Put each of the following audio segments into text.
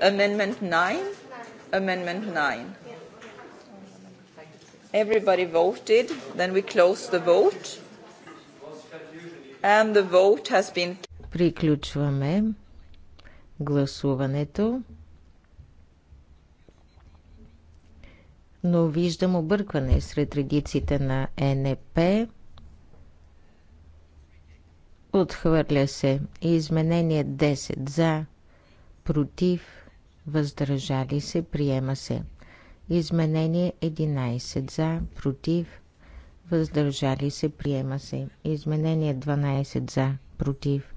Amendment 9? Amendment 9. Everybody voted. Then we close the vote. And the vote has been... Приключваме гласуването. Но виждам объркване сред редиците на НП. Отхвърля се. Изменение 10 за против, въздържали се, приема се. Изменение 11 за, против, въздържали се, приема се. Изменение 12 за, против,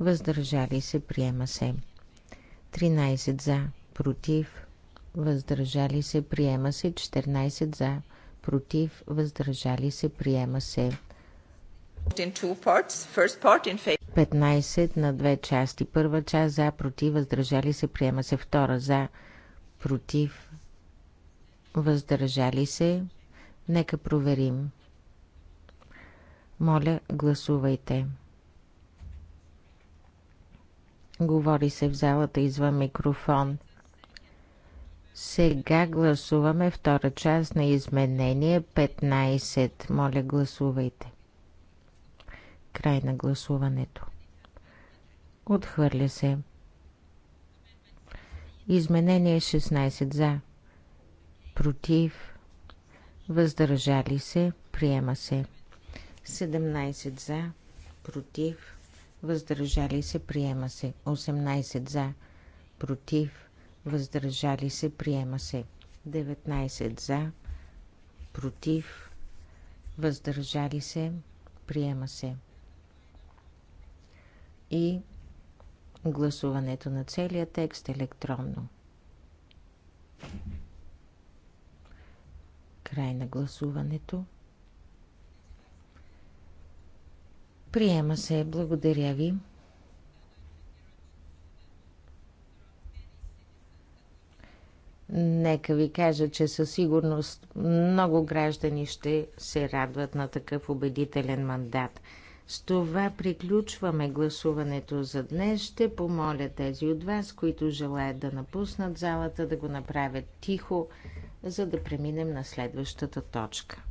въздържали се, приема се. 13 за, против, въздържали се, приема се. 14 за, против, въздържали се, приема се. 15 на две части. Първа част за, против, въздържали се, приема се. Втора за, против, въздържали се. Нека проверим. Моля, гласувайте. Говори се в залата извън микрофон. Сега гласуваме втора част на изменение 15. Моля, гласувайте. Край на гласуването. Отхвърля се. Изменение 16 за. Против. Въздържали се. Приема се. 17 за. Против. Въздържали се. Приема се. 18 за. Против. Въздържали се. Приема се. 19 за. Против. Въздържали се. Приема се и гласуването на целия текст електронно. Край на гласуването. Приема се. Благодаря ви. Нека ви кажа, че със сигурност много граждани ще се радват на такъв убедителен мандат. С това приключваме гласуването за днес. Ще помоля тези от вас, които желаят да напуснат залата, да го направят тихо, за да преминем на следващата точка.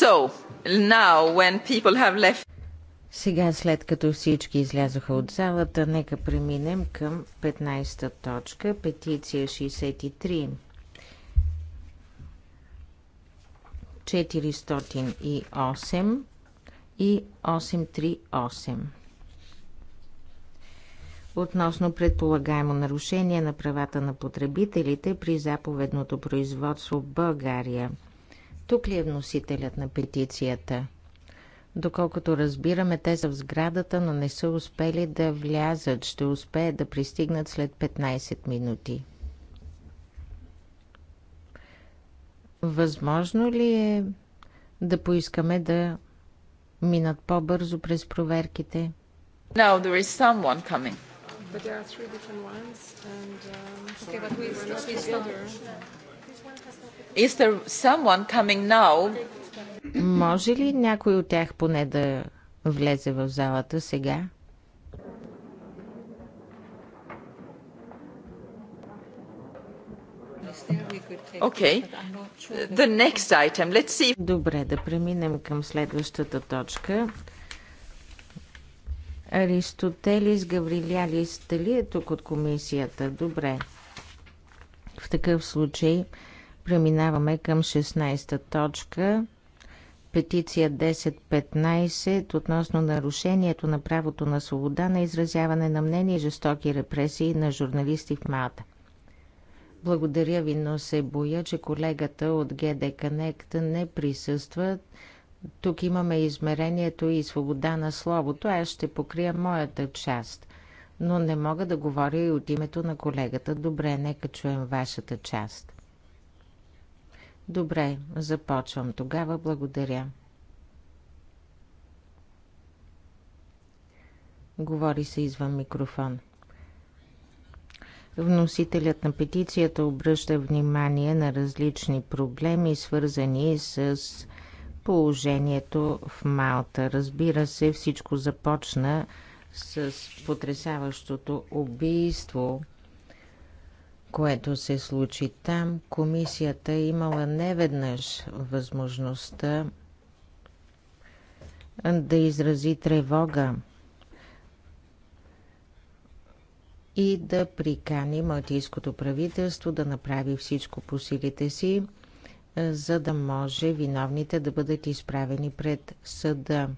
So, now when people have left... Сега, след като всички излязоха от залата, нека преминем към 15-та точка, петиция 63. 408 и 838 относно предполагаемо нарушение на правата на потребителите при заповедното производство в България – тук ли е вносителят на петицията? Доколкото разбираме, те са в сградата, но не са успели да влязат. Ще успеят да пристигнат след 15 минути. Възможно ли е да поискаме да минат по-бързо през проверките? No, there is someone coming. But there are three different ones, and um, okay, but we, we, we, we, we, we, we, we, Is there someone coming now? Може ли някой от тях поне да влезе в залата сега? Okay. The next item. Let's see. Добре, да преминем към следващата точка. Аристотелис Гаврилялис, дали е тук от комисията? Добре. В такъв случай Преминаваме към 16-та точка. Петиция 1015 относно нарушението на правото на свобода на изразяване на мнение и жестоки репресии на журналисти в Малта. Благодаря ви, но се боя, че колегата от GD Connect не присъства. Тук имаме измерението и свобода на словото. Аз ще покрия моята част. Но не мога да говоря и от името на колегата. Добре, нека чуем вашата част. Добре, започвам тогава. Благодаря. Говори се извън микрофон. Вносителят на петицията обръща внимание на различни проблеми, свързани с положението в Малта. Разбира се, всичко започна с потрясаващото убийство което се случи там. Комисията е имала неведнъж възможността да изрази тревога и да прикани малтийското правителство да направи всичко по силите си, за да може виновните да бъдат изправени пред съда.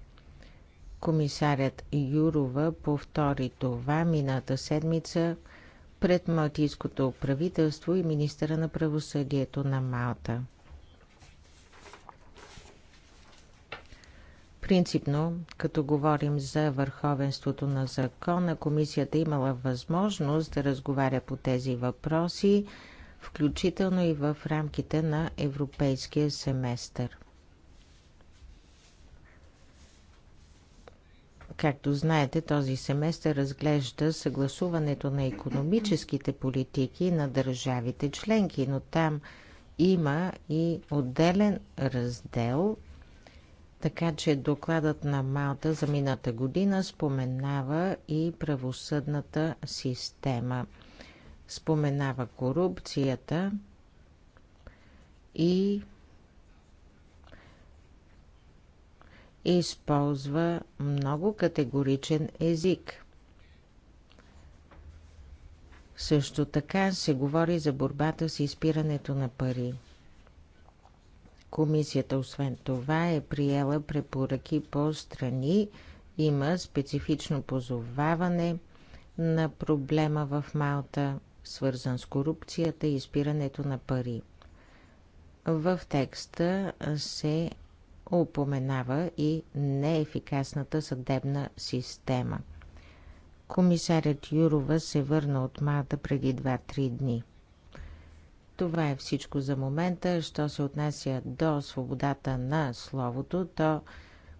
Комисарят Юрова повтори това мината седмица – пред Малтийското правителство и министъра на правосъдието на Малта. Принципно, като говорим за върховенството на закона, комисията имала възможност да разговаря по тези въпроси, включително и в рамките на европейския семестър. Както знаете, този семестър разглежда съгласуването на економическите политики на държавите членки, но там има и отделен раздел, така че докладът на Малта за мината година споменава и правосъдната система. Споменава корупцията и използва много категоричен език. Също така се говори за борбата с изпирането на пари. Комисията освен това е приела препоръки по страни, има специфично позоваване на проблема в Малта, свързан с корупцията и изпирането на пари. В текста се упоменава и неефикасната съдебна система. Комисарят Юрова се върна от Малта преди 2-3 дни. Това е всичко за момента. Що се отнася до свободата на словото, то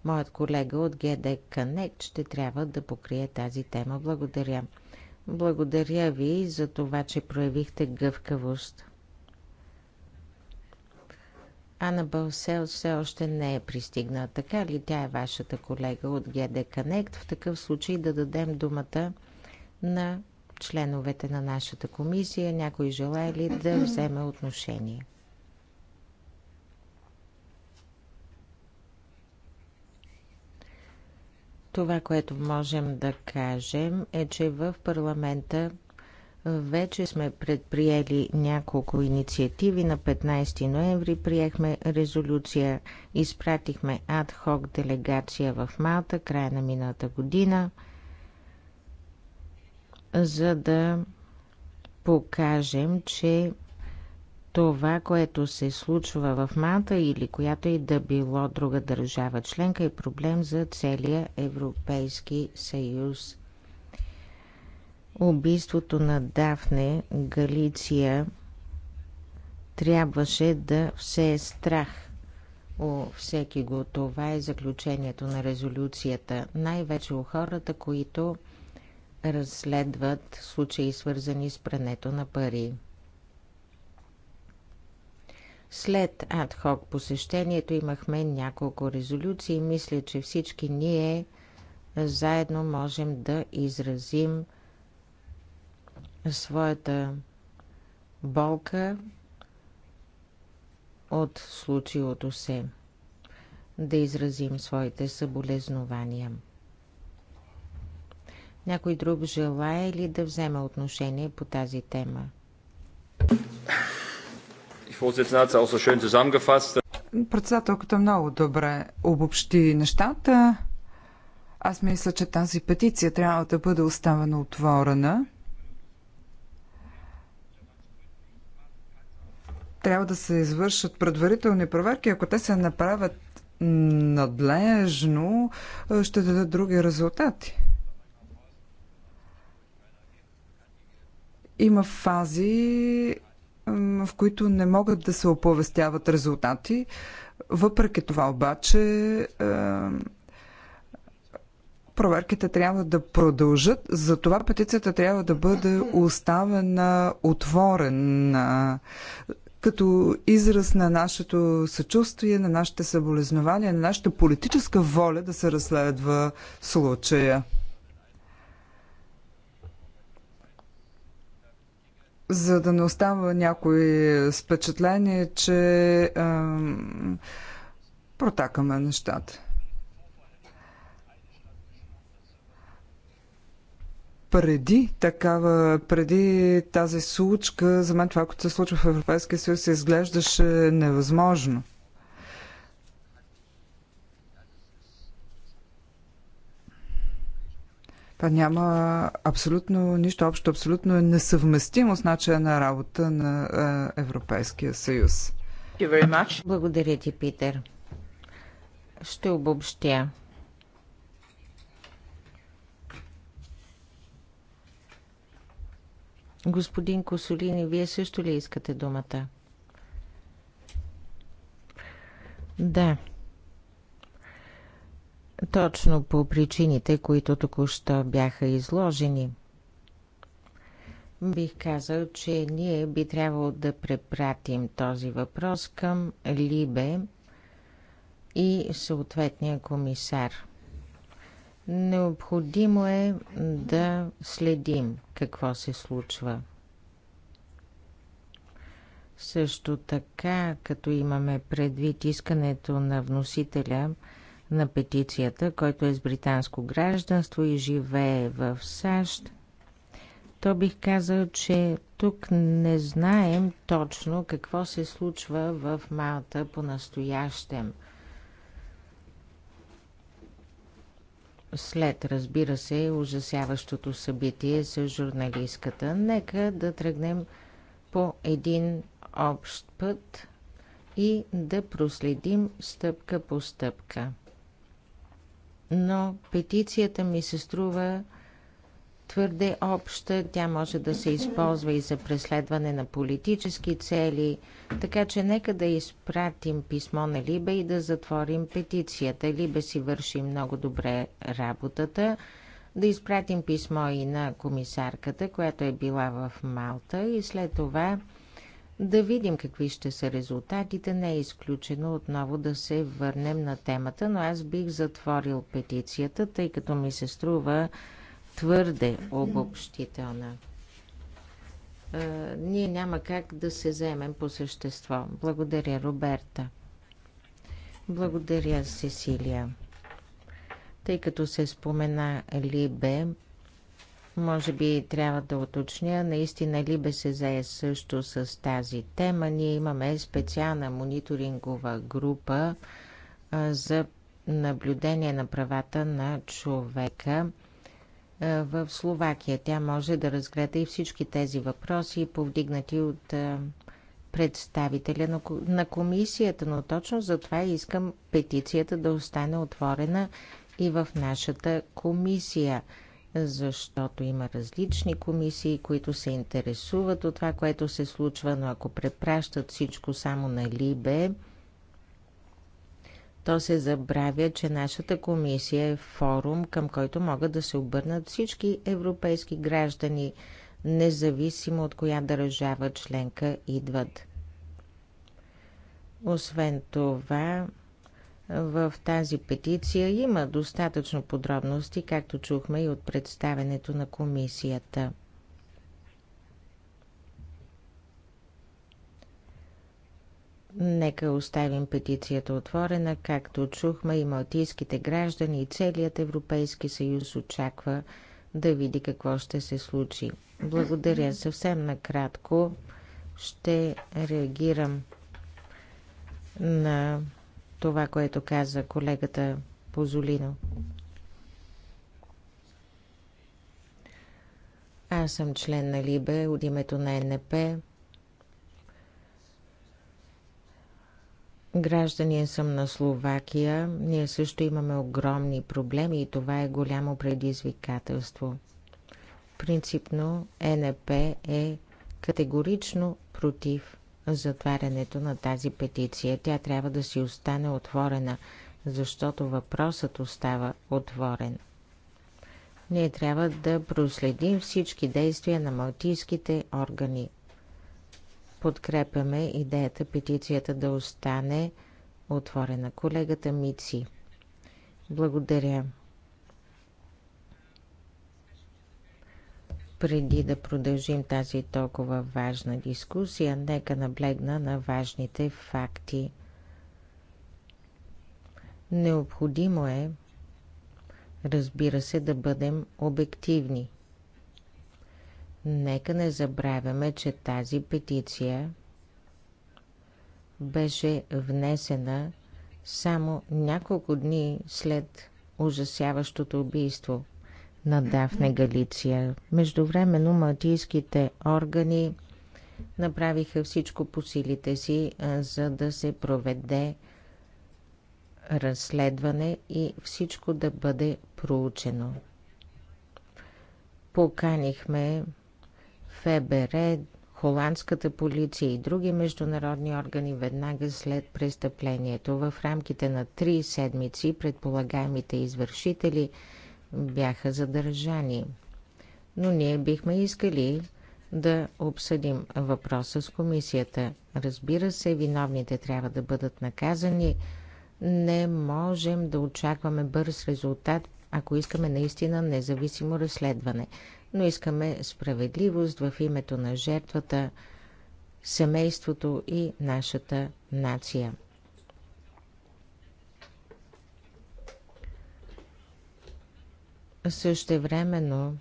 моят колега от ГД Канек ще трябва да покрие тази тема. Благодаря. Благодаря ви за това, че проявихте гъвкавост. Ана Бълсел все още не е пристигнала. Така ли тя е вашата колега от GD Connect? В такъв случай да дадем думата на членовете на нашата комисия. Някой желая ли да вземе отношение? Това, което можем да кажем е, че в парламента вече сме предприели няколко инициативи. На 15 ноември приехме резолюция, изпратихме адхок делегация в Малта, края на миналата година, за да покажем, че това, което се случва в Малта или която и да било друга държава членка е проблем за целия Европейски съюз убийството на Дафне Галиция трябваше да все е страх у всеки го. Това е заключението на резолюцията. Най-вече у хората, които разследват случаи свързани с прането на пари. След адхок посещението имахме няколко резолюции. Мисля, че всички ние заедно можем да изразим своята болка от случилото се, да изразим своите съболезнования. Някой друг желая ли да вземе отношение по тази тема? Председателката много добре обобщи нещата. Аз мисля, че тази петиция трябва да бъде оставена отворена. трябва да се извършат предварителни проверки. Ако те се направят надлежно, ще дадат други резултати. Има фази, в които не могат да се оповестяват резултати. Въпреки това обаче проверките трябва да продължат. Затова петицията трябва да бъде оставена отворена, като израз на нашето съчувствие, на нашите съболезнования, на нашата политическа воля да се разследва случая. За да не остава някои впечатление, че протакаме нещата. преди такава, преди тази случка, за мен това, което се случва в Европейския съюз, изглеждаше невъзможно. Това няма абсолютно нищо общо, абсолютно е несъвместимо с начина на работа на е, Европейския съюз. Благодаря ти, Питер. Ще обобщя. Господин Косолини, вие също ли искате думата? Да. Точно по причините, които току-що бяха изложени. Бих казал, че ние би трябвало да препратим този въпрос към Либе и съответния комисар. Необходимо е да следим какво се случва. Също така, като имаме предвид искането на вносителя на петицията, който е с британско гражданство и живее в САЩ, то бих казал, че тук не знаем точно какво се случва в Малта по-настоящем – след, разбира се, ужасяващото събитие с журналистката. Нека да тръгнем по един общ път и да проследим стъпка по стъпка. Но петицията ми се струва твърде обща, тя може да се използва и за преследване на политически цели, така че нека да изпратим писмо на Либе и да затворим петицията. Либе си върши много добре работата. Да изпратим писмо и на комисарката, която е била в Малта и след това да видим какви ще са резултатите. Не е изключено отново да се върнем на темата, но аз бих затворил петицията, тъй като ми се струва, твърде обобщителна. А, ние няма как да се заемем по същество. Благодаря, Роберта. Благодаря, Сесилия. Тъй като се спомена Либе, може би трябва да уточня, наистина Либе се зае също с тази тема. Ние имаме специална мониторингова група за наблюдение на правата на човека. Е, в Словакия. Тя може да разгледа и всички тези въпроси, повдигнати от е, представителя на комисията, но точно за това искам петицията да остане отворена и в нашата комисия, защото има различни комисии, които се интересуват от това, което се случва, но ако препращат всичко само на Либе, то се забравя, че нашата комисия е форум, към който могат да се обърнат всички европейски граждани, независимо от коя държава членка идват. Освен това, в тази петиция има достатъчно подробности, както чухме и от представенето на комисията – Нека оставим петицията отворена, както чухме и малтийските граждани и целият Европейски съюз очаква да види какво ще се случи. Благодаря. Съвсем накратко ще реагирам на това, което каза колегата Позолино. Аз съм член на Либе от името на НП. Гражданин съм на Словакия. Ние също имаме огромни проблеми и това е голямо предизвикателство. Принципно НП е категорично против затварянето на тази петиция. Тя трябва да си остане отворена, защото въпросът остава отворен. Ние трябва да проследим всички действия на малтийските органи. Подкрепяме идеята петицията да остане отворена. Колегата Мици. Благодаря. Преди да продължим тази толкова важна дискусия, нека наблегна на важните факти. Необходимо е, разбира се, да бъдем обективни – Нека не забравяме, че тази петиция беше внесена само няколко дни след ужасяващото убийство на Дафне Галиция. Междувременно малтийските органи направиха всичко по силите си, за да се проведе разследване и всичко да бъде проучено. Поканихме ФБР, холандската полиция и други международни органи веднага след престъплението. В рамките на три седмици предполагаемите извършители бяха задържани. Но ние бихме искали да обсъдим въпроса с комисията. Разбира се, виновните трябва да бъдат наказани. Не можем да очакваме бърз резултат, ако искаме наистина независимо разследване но искаме справедливост в името на жертвата, семейството и нашата нация. Същевременно,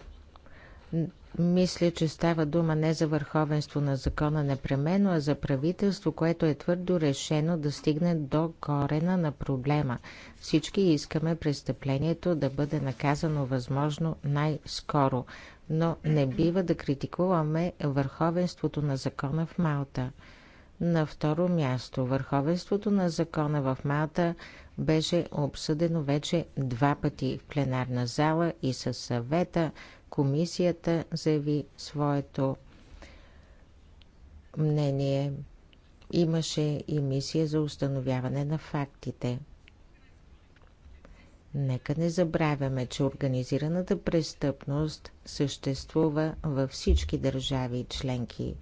мисля, че става дума не за върховенство на закона непременно, а за правителство, което е твърдо решено да стигне до корена на проблема. Всички искаме престъплението да бъде наказано възможно най-скоро но не бива да критикуваме върховенството на закона в Малта. На второ място, върховенството на закона в Малта беше обсъдено вече два пъти в пленарна зала и със съвета комисията заяви своето мнение. Имаше и мисия за установяване на фактите – Нека не забравяме, че организираната престъпност съществува във всички държави и членки.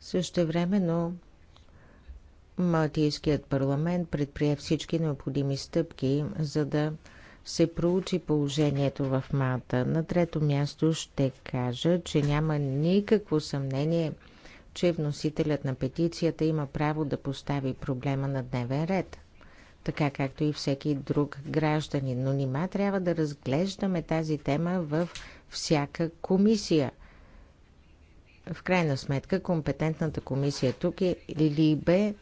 Същевременно Малтийският парламент предприе всички необходими стъпки, за да се проучи положението в Малта. На трето място ще кажа, че няма никакво съмнение – че вносителят на петицията има право да постави проблема на дневен ред, така както и всеки друг гражданин. Но нима трябва да разглеждаме тази тема в всяка комисия. В крайна сметка, компетентната комисия тук е Либе.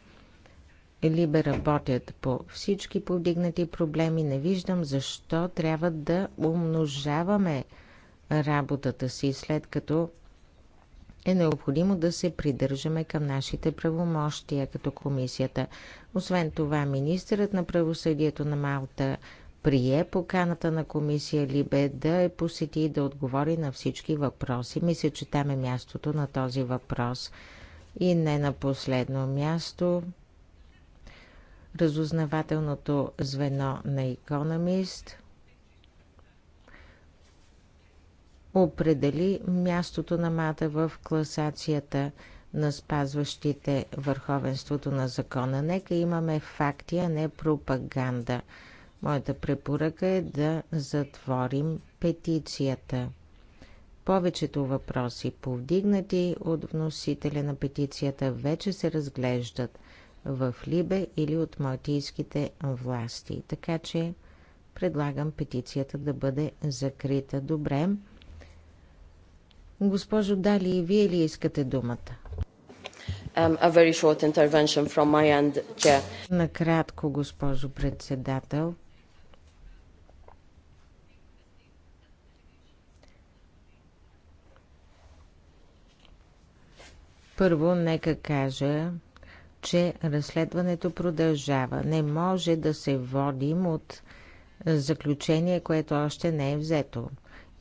Либе работят по всички повдигнати проблеми. Не виждам защо трябва да умножаваме работата си, след като е необходимо да се придържаме към нашите правомощия като комисията. Освен това, министърът на правосъдието на Малта прие поканата на комисия Либе да е посети и да отговори на всички въпроси. Мисля, че там е мястото на този въпрос. И не на последно място, разузнавателното звено на Economist – определи мястото на мата в класацията на спазващите върховенството на закона. Нека имаме факти, а не пропаганда. Моята препоръка е да затворим петицията. Повечето въпроси, повдигнати от вносителя на петицията, вече се разглеждат в Либе или от малтийските власти. Така че предлагам петицията да бъде закрита. Добре. Госпожо Дали, вие ли искате думата? Um, end, Накратко, госпожо председател. Първо, нека кажа, че разследването продължава. Не може да се водим от заключение, което още не е взето.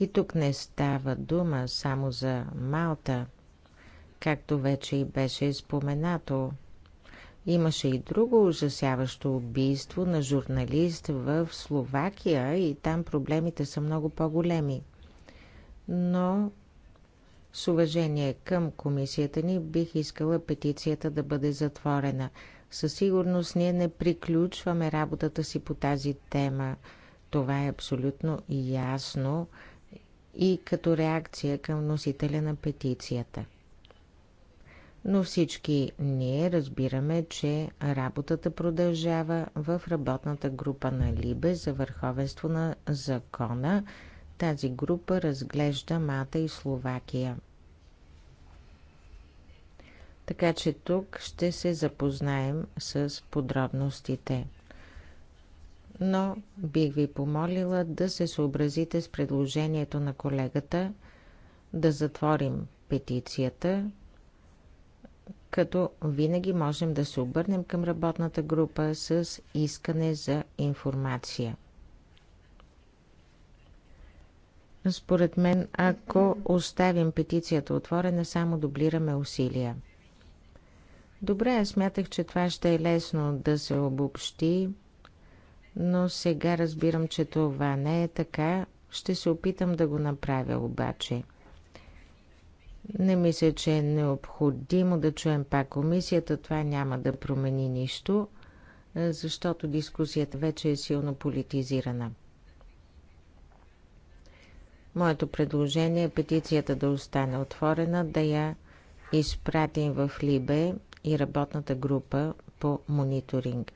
И тук не става дума само за Малта, както вече и беше споменато. Имаше и друго ужасяващо убийство на журналист в Словакия и там проблемите са много по-големи. Но с уважение към комисията ни бих искала петицията да бъде затворена. Със сигурност ние не приключваме работата си по тази тема. Това е абсолютно ясно и като реакция към носителя на петицията. Но всички ние разбираме, че работата продължава в работната група на Либе за върховенство на закона. Тази група разглежда Мата и Словакия. Така че тук ще се запознаем с подробностите – но бих ви помолила да се съобразите с предложението на колегата да затворим петицията, като винаги можем да се обърнем към работната група с искане за информация. Според мен, ако оставим петицията отворена, само дублираме усилия. Добре, аз смятах, че това ще е лесно да се обобщи но сега разбирам, че това не е така. Ще се опитам да го направя обаче. Не мисля, че е необходимо да чуем пак комисията. Това няма да промени нищо, защото дискусията вече е силно политизирана. Моето предложение е петицията да остане отворена, да я изпратим в Либе и работната група по мониторинг.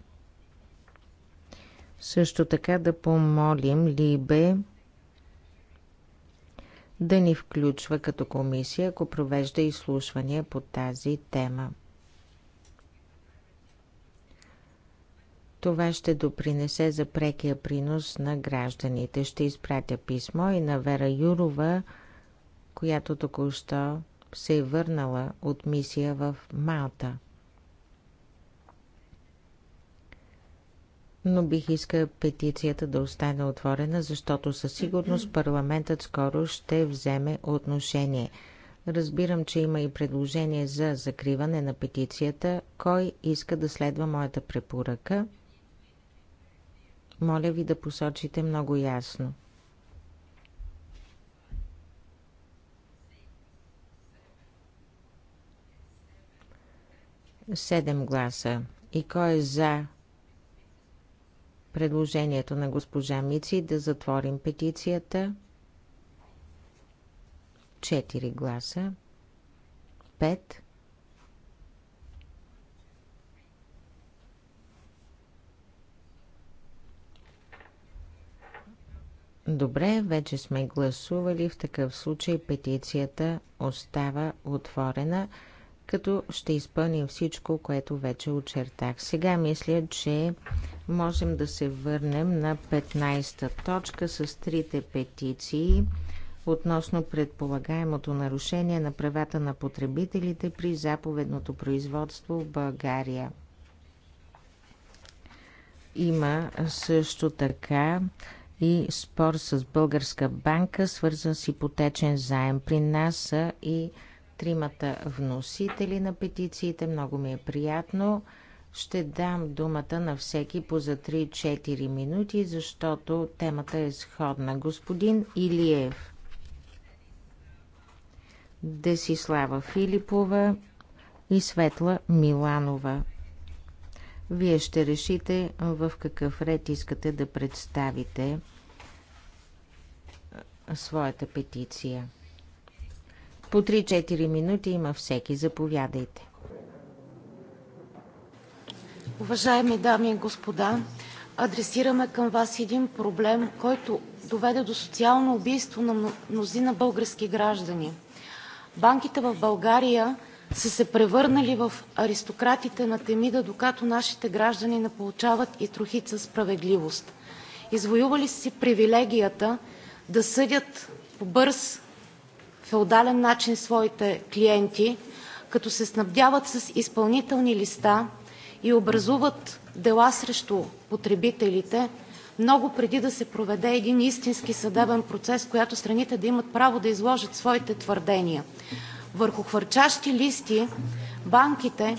Също така да помолим Либе да ни включва като комисия, ако провежда изслушвания по тази тема. Това ще допринесе за прекия принос на гражданите. Ще изпратя писмо и на Вера Юрова, която току-що се е върнала от мисия в Малта. но бих искал петицията да остане отворена, защото със сигурност парламентът скоро ще вземе отношение. Разбирам, че има и предложение за закриване на петицията. Кой иска да следва моята препоръка? Моля ви да посочите много ясно. Седем гласа. И кой е за предложението на госпожа Мици да затворим петицията. 4 гласа. 5. Добре, вече сме гласували. В такъв случай петицията остава отворена като ще изпълним всичко, което вече очертах. Сега мисля, че можем да се върнем на 15-та точка с трите петиции относно предполагаемото нарушение на правата на потребителите при заповедното производство в България. Има също така и спор с Българска банка, свързан с ипотечен заем. При нас са и тримата вносители на петициите. Много ми е приятно. Ще дам думата на всеки по за 3-4 минути, защото темата е сходна. Господин Илиев. Десислава Филипова и Светла Миланова. Вие ще решите в какъв ред искате да представите своята петиция. По 3-4 минути има всеки. Заповядайте. Уважаеми дами и господа, адресираме към вас един проблем, който доведе до социално убийство на мнозина български граждани. Банките в България са се превърнали в аристократите на Темида, докато нашите граждани не получават и трохица справедливост. Извоювали са си привилегията да съдят по бърз феодален начин своите клиенти, като се снабдяват с изпълнителни листа и образуват дела срещу потребителите много преди да се проведе един истински съдебен процес, в страните да имат право да изложат своите твърдения. Върху хвърчащи листи банките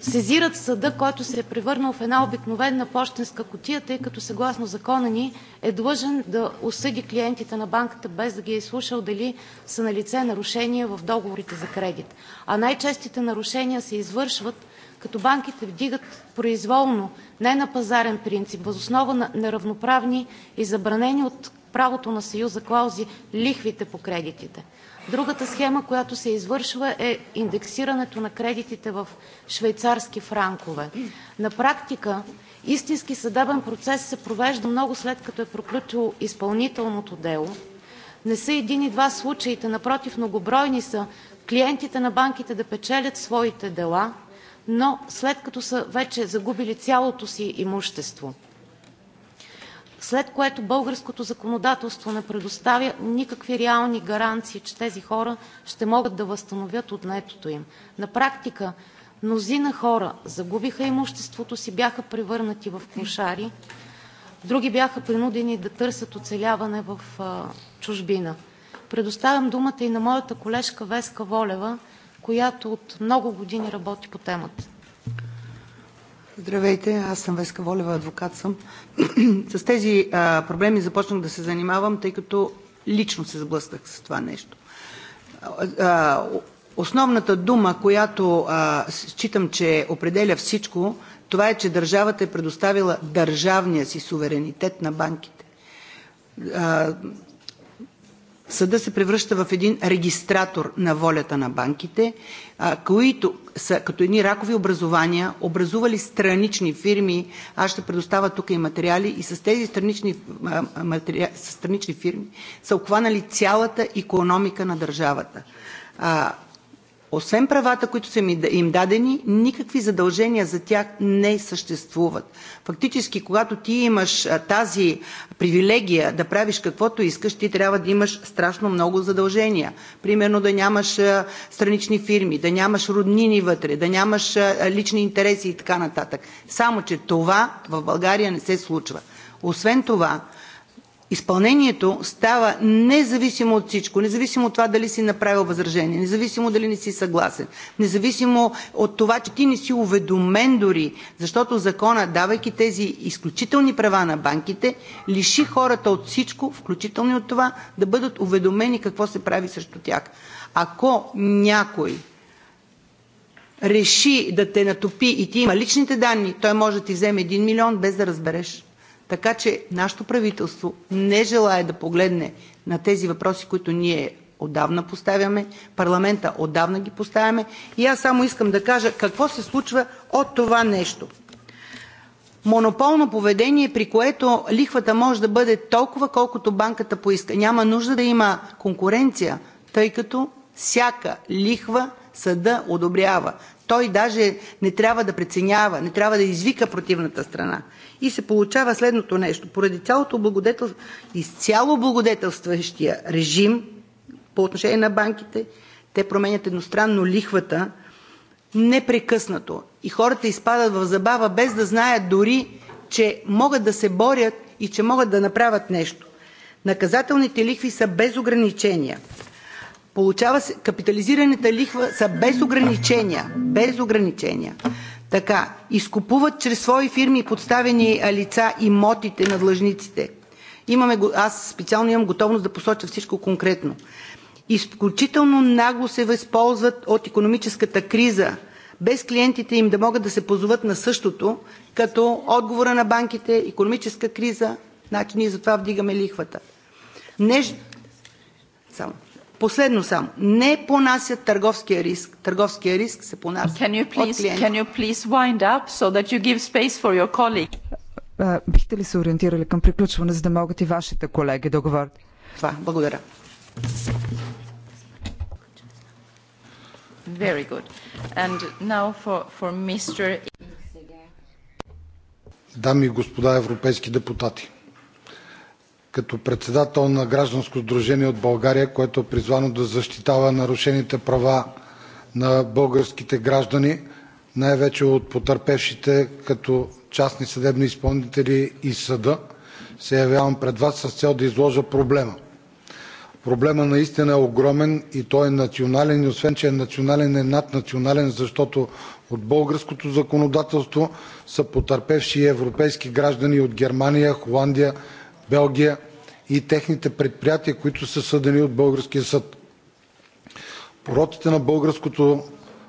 сезират съда, който се е превърнал в една обикновена пощенска кутия, тъй като съгласно закона ни е длъжен да осъди клиентите на банката, без да ги е изслушал дали са налице нарушения в договорите за кредит. А най-честите нарушения се извършват, като банките вдигат произволно, не на пазарен принцип, въз основа на неравноправни и забранени от правото на Съюза клаузи лихвите по кредитите. Другата схема, която се извършва, е индексирането на кредитите в швейцарски франкове. На практика истински съдебен процес се провежда много след като е проключило изпълнителното дело. Не са един и два случаите, напротив, многобройни са клиентите на банките да печелят своите дела, но след като са вече загубили цялото си имущество след което българското законодателство не предоставя никакви реални гаранции, че тези хора ще могат да възстановят отнетото им. На практика мнозина хора загубиха имуществото си, бяха превърнати в клошари, други бяха принудени да търсят оцеляване в а, чужбина. Предоставям думата и на моята колежка Веска Волева, която от много години работи по темата. Здравейте, аз съм Веска Волева, адвокат съм. с тези а, проблеми започнах да се занимавам, тъй като лично се сблъсках с това нещо. А, а, основната дума, която а, считам, че определя всичко, това е, че държавата е предоставила държавния си суверенитет на банките. А, съда се превръща в един регистратор на волята на банките, които са като едни ракови образования, образували странични фирми. Аз ще предоставя тук и материали. И с тези странични, странични фирми са обхванали цялата икономика на държавата. Освен правата, които са им дадени, никакви задължения за тях не съществуват. Фактически, когато ти имаш тази привилегия да правиш каквото искаш, ти трябва да имаш страшно много задължения. Примерно да нямаш странични фирми, да нямаш роднини вътре, да нямаш лични интереси и така нататък. Само, че това в България не се случва. Освен това, изпълнението става независимо от всичко, независимо от това дали си направил възражение, независимо дали не си съгласен, независимо от това, че ти не си уведомен дори, защото закона, давайки тези изключителни права на банките, лиши хората от всичко, включително и от това да бъдат уведомени какво се прави срещу тях. Ако някой реши да те натопи и ти има личните данни, той може да ти вземе 1 милион без да разбереш. Така че нашето правителство не желая да погледне на тези въпроси, които ние отдавна поставяме, парламента отдавна ги поставяме. И аз само искам да кажа какво се случва от това нещо. Монополно поведение, при което лихвата може да бъде толкова, колкото банката поиска. Няма нужда да има конкуренция, тъй като всяка лихва съда одобрява. Той даже не трябва да преценява, не трябва да извика противната страна. И се получава следното нещо. Поради цялото благодетел... изцяло благодетелстващия режим по отношение на банките, те променят едностранно лихвата непрекъснато. И хората изпадат в забава без да знаят дори, че могат да се борят и че могат да направят нещо. Наказателните лихви са без ограничения. Получава се, капитализираната лихва са без ограничения. Без ограничения. Така, изкупуват чрез свои фирми и подставени лица имотите на длъжниците. Имаме, аз специално имам готовност да посоча всичко конкретно. Изключително нагло се възползват от економическата криза, без клиентите им да могат да се позоват на същото, като отговора на банките, економическа криза, значи ние затова вдигаме лихвата. Не... Само. Последно само. Не понасят търговския риск. Търговския риск се понася can you please, от клиента. Can you please wind up so that you give space for your colleague? бихте ли се ориентирали към приключване, за да могат и вашите колеги да говорят? Това. Благодаря. Very good. And now for, for Mr. Дами и господа европейски депутати, като председател на гражданско сдружение от България, което е призвано да защитава нарушените права на българските граждани, най-вече от потърпевшите като частни съдебни изпълнители и съда, се явявам пред Вас с цел да изложа проблема. Проблемът наистина е огромен и той е национален и освен, че е национален, е наднационален, защото от българското законодателство са потърпевши и европейски граждани от Германия, Холандия, Белгия и техните предприятия, които са съдени от българския съд. Пороците на българското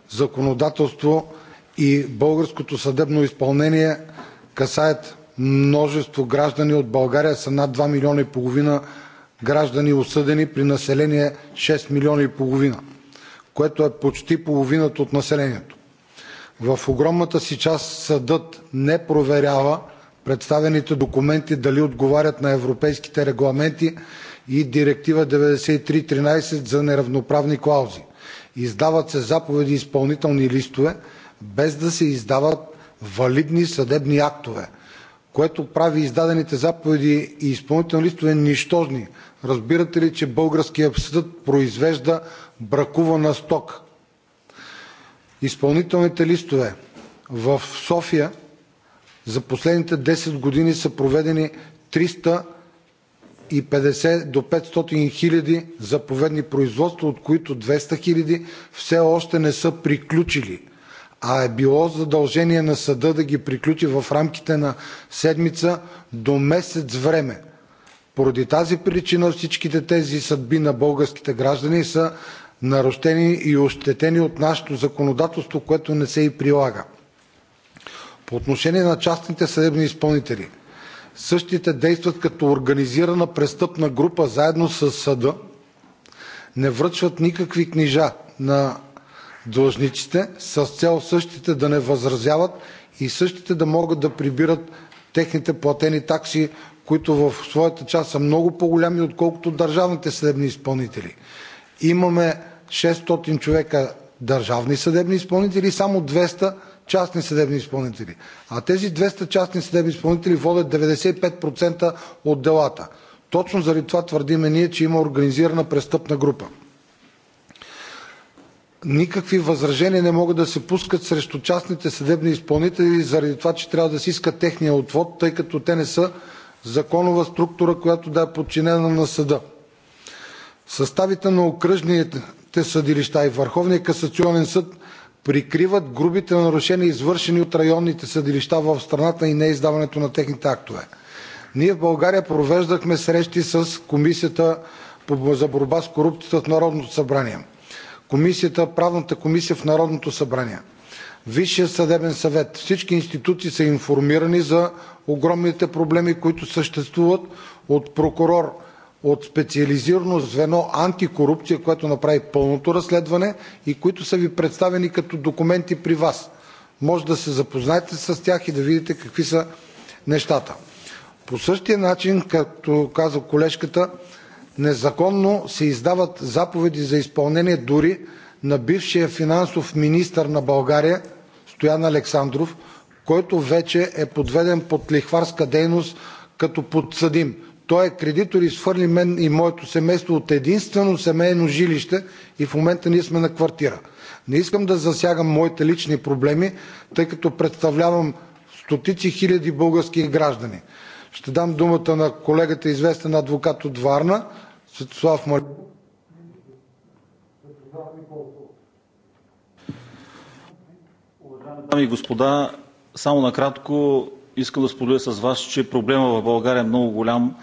законодателство и българското съдебно изпълнение касаят множество граждани. От България са над 2 милиона и половина граждани осъдени при население 6 милиона и половина, което е почти половината от населението. В огромната си част съдът не проверява представените документи дали отговарят на европейските регламенти и Директива 93/13 за неравноправни клаузи. Издават се заповеди и изпълнителни листове, без да се издават валидни съдебни актове, което прави издадените заповеди и изпълнителни листове нищожни. Разбирате ли, че българският съд произвежда бракувана стока? Изпълнителните листове в София за последните 10 години са проведени 350 до 500 хиляди заповедни производства, от които 200 хиляди все още не са приключили, а е било задължение на съда да ги приключи в рамките на седмица до месец време. Поради тази причина всичките тези съдби на българските граждани са нарушени и ощетени от нашето законодателство, което не се и прилага. По отношение на частните съдебни изпълнители. Същите действат като организирана престъпна група заедно със съда, не връчват никакви книжа на длъжниците с цел същите да не възразяват и същите да могат да прибират техните платени такси, които в своята част са много по-големи, отколкото държавните съдебни изпълнители. Имаме 600 човека държавни съдебни изпълнители и само 200 частни съдебни изпълнители. А тези 200 частни съдебни изпълнители водят 95% от делата. Точно заради това твърдиме ние, че има организирана престъпна група. Никакви възражения не могат да се пускат срещу частните съдебни изпълнители заради това, че трябва да се иска техния отвод, тъй като те не са законова структура, която да е подчинена на съда. Съставите на окръжните съдилища и Върховния касационен съд прикриват грубите нарушения, извършени от районните съдилища в страната и неиздаването на техните актове. Ние в България провеждахме срещи с Комисията за борба с корупцията в Народното събрание, Правната комисия в Народното събрание, Висшия съдебен съвет. Всички институции са информирани за огромните проблеми, които съществуват от прокурор от специализирано звено антикорупция, което направи пълното разследване и които са ви представени като документи при вас. Може да се запознаете с тях и да видите какви са нещата. По същия начин, както каза колежката, незаконно се издават заповеди за изпълнение дори на бившия финансов министър на България Стоян Александров, който вече е подведен под лихварска дейност като подсъдим. Той е кредитор, и свърли мен и моето семейство от единствено семейно жилище и в момента ние сме на квартира. Не искам да засягам моите лични проблеми, тъй като представлявам стотици хиляди български граждани. Ще дам думата на колегата, известен адвокат от Варна, Светослав Малинов. дами и господа, само накратко искам да споделя с вас, че проблема в България е много голям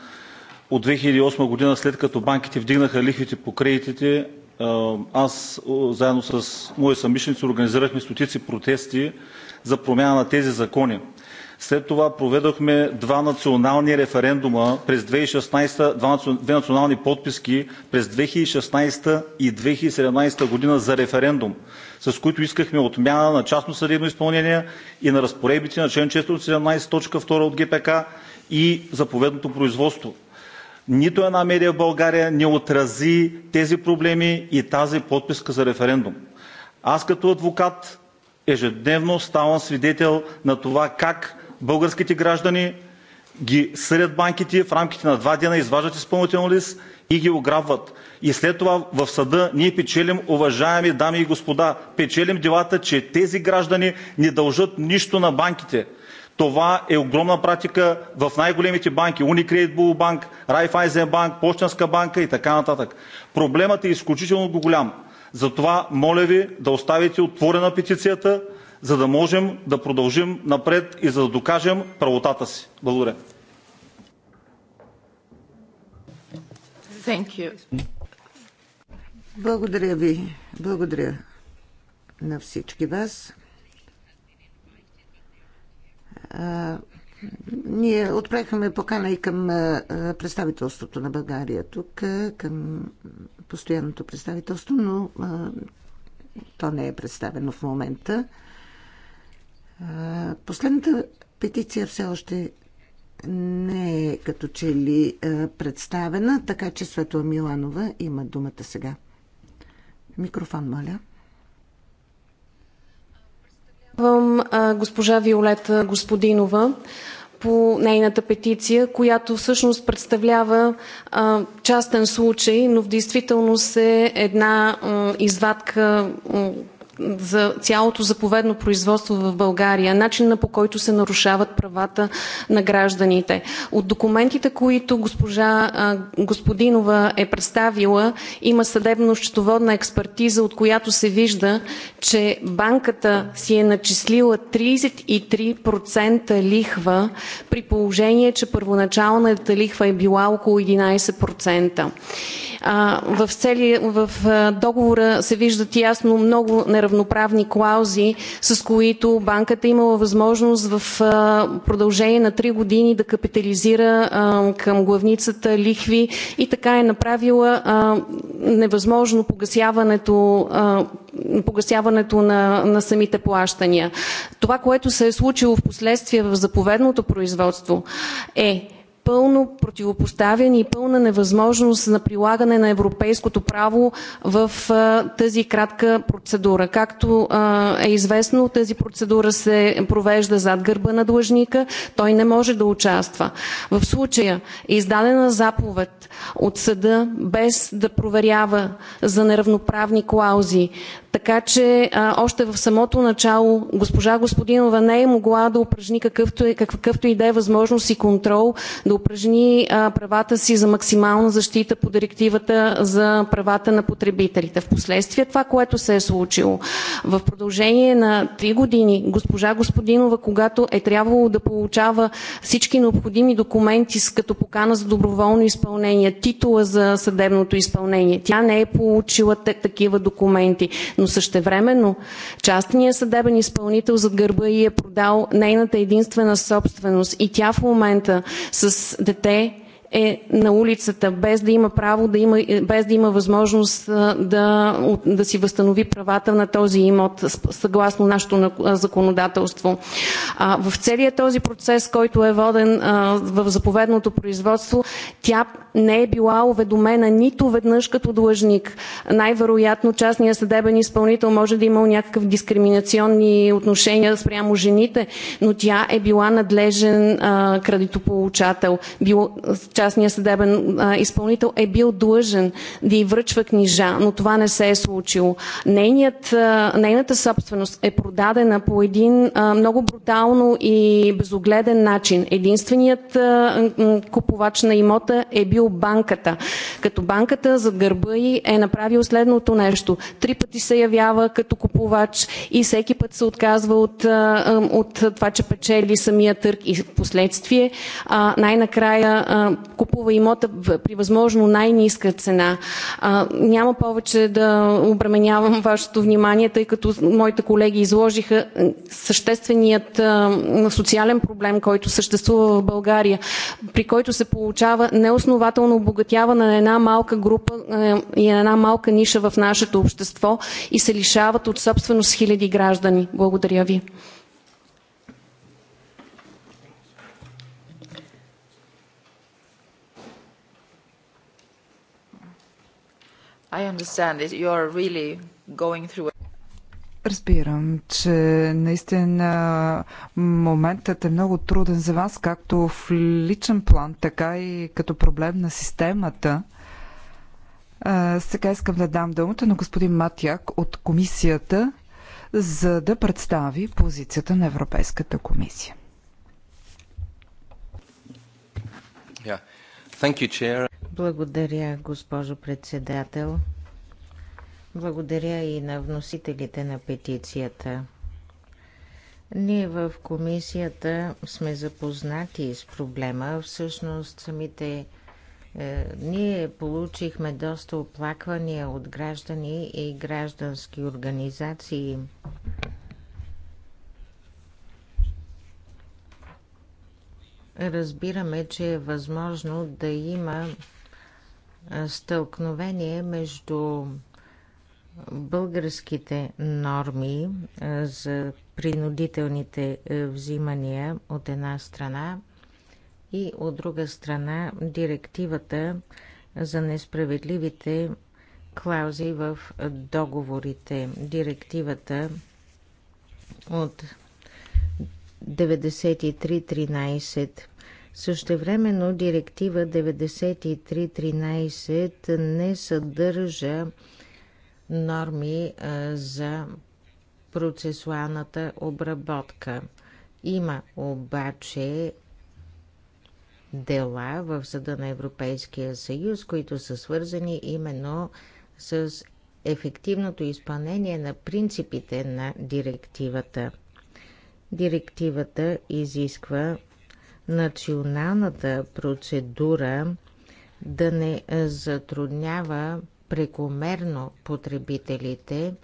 от 2008 година, след като банките вдигнаха лихвите по кредитите, аз заедно с мои съмишленици организирахме стотици протести за промяна на тези закони. След това проведохме два национални референдума през 2016, две национални подписки през 2016 и 2017 година за референдум, с които искахме отмяна на частно съдебно изпълнение и на разпоредбите на член 417, точка от ГПК и заповедното производство нито една медия в България не отрази тези проблеми и тази подписка за референдум. Аз като адвокат ежедневно ставам свидетел на това как българските граждани ги съдят банките, в рамките на два дена изваждат изпълнителен лист и ги ограбват. И след това в съда ние печелим, уважаеми дами и господа, печелим делата, че тези граждани не дължат нищо на банките. Това е огромна практика в най-големите банки – Unicredit, Raiffeisen Bank, Пощенска банка и така нататък. Проблемът е изключително голям. Затова, моля ви да оставите отворена петицията, за да можем да продължим напред и за да докажем правотата си. Благодаря. Thank you. Благодаря ви. Благодаря на всички вас. Ние отправихме покана и към представителството на България тук, към постоянното представителство, но то не е представено в момента. Последната петиция все още не е като че ли представена, така че Светла Миланова има думата сега. Микрофон, моля госпожа Виолета Господинова по нейната петиция, която всъщност представлява частен случай, но в действителност е една извадка за цялото заповедно производство в България, начина по който се нарушават правата на гражданите. От документите, които госпожа Господинова е представила, има съдебно-счетоводна експертиза, от която се вижда, че банката си е начислила 33% лихва, при положение, че първоначалната лихва е била около 11%. В договора се виждат ясно много неравнопоставености равноправни клаузи, с които банката е имала възможност в продължение на 3 години да капитализира към главницата лихви и така е направила невъзможно погасяването, погасяването на, на самите плащания. Това, което се е случило в последствие в заповедното производство е пълно противопоставяне и пълна невъзможност на прилагане на европейското право в тази кратка процедура. Както е известно, тази процедура се провежда зад гърба на длъжника, той не може да участва. В случая е издадена заповед от съда без да проверява за неравноправни клаузи. Така че а, още в самото начало госпожа Господинова не е могла да упражни какъвто, е, какъвто и да е възможност и контрол, да упражни а, правата си за максимална защита по директивата за правата на потребителите. Впоследствие това, което се е случило в продължение на три години, госпожа Господинова, когато е трябвало да получава всички необходими документи като покана за доброволно изпълнение, титула за съдебното изпълнение, тя не е получила такива документи но същевременно частният съдебен изпълнител зад гърба ѝ е продал нейната единствена собственост и тя в момента с дете е на улицата, без да има право, да има, е, без да има възможност да, да си възстанови правата на този имот, съгласно нашето законодателство. В целия този процес, който е воден в заповедното производство, тя не е била уведомена нито веднъж като длъжник. Най-вероятно частният съдебен изпълнител може да е имал някакъв дискриминационни отношения спрямо жените, но тя е била надлежен кредитополучател частният съдебен изпълнител е бил длъжен да й връчва книжа, но това не се е случило. Нейният, нейната собственост е продадена по един много брутално и безогледен начин. Единственият купувач на имота е бил банката. Като банката зад гърба й е направил следното нещо. Три пъти се явява като купувач и всеки път се отказва от, от това, че печели самия търг и в последствие най-накрая купува имота при възможно най-низка цена. А, няма повече да обременявам вашето внимание, тъй като моите колеги изложиха същественият а, социален проблем, който съществува в България, при който се получава неоснователно обогатяване на една малка група и на една малка ниша в нашето общество и се лишават от собственост хиляди граждани. Благодаря ви. I understand You are really going through Разбирам, че наистина моментът е много труден за вас, както в личен план, така и като проблем на системата. Сега искам да дам думата на господин Матяк от комисията, за да представи позицията на Европейската комисия. Yeah. Thank you, Chair. Благодаря, госпожо председател. Благодаря и на вносителите на петицията. Ние в комисията сме запознати с проблема. Всъщност самите е, ние получихме доста оплаквания от граждани и граждански организации. Разбираме, че е възможно да има стълкновение между българските норми е, за принудителните е, взимания от една страна и от друга страна директивата за несправедливите клаузи в договорите. Директивата от 93.13 Същевременно директива 9313 не съдържа норми за процесуалната обработка. Има обаче дела в Съда на Европейския съюз, които са свързани именно с ефективното изпълнение на принципите на директивата. Директивата изисква националната процедура да не затруднява прекомерно потребителите,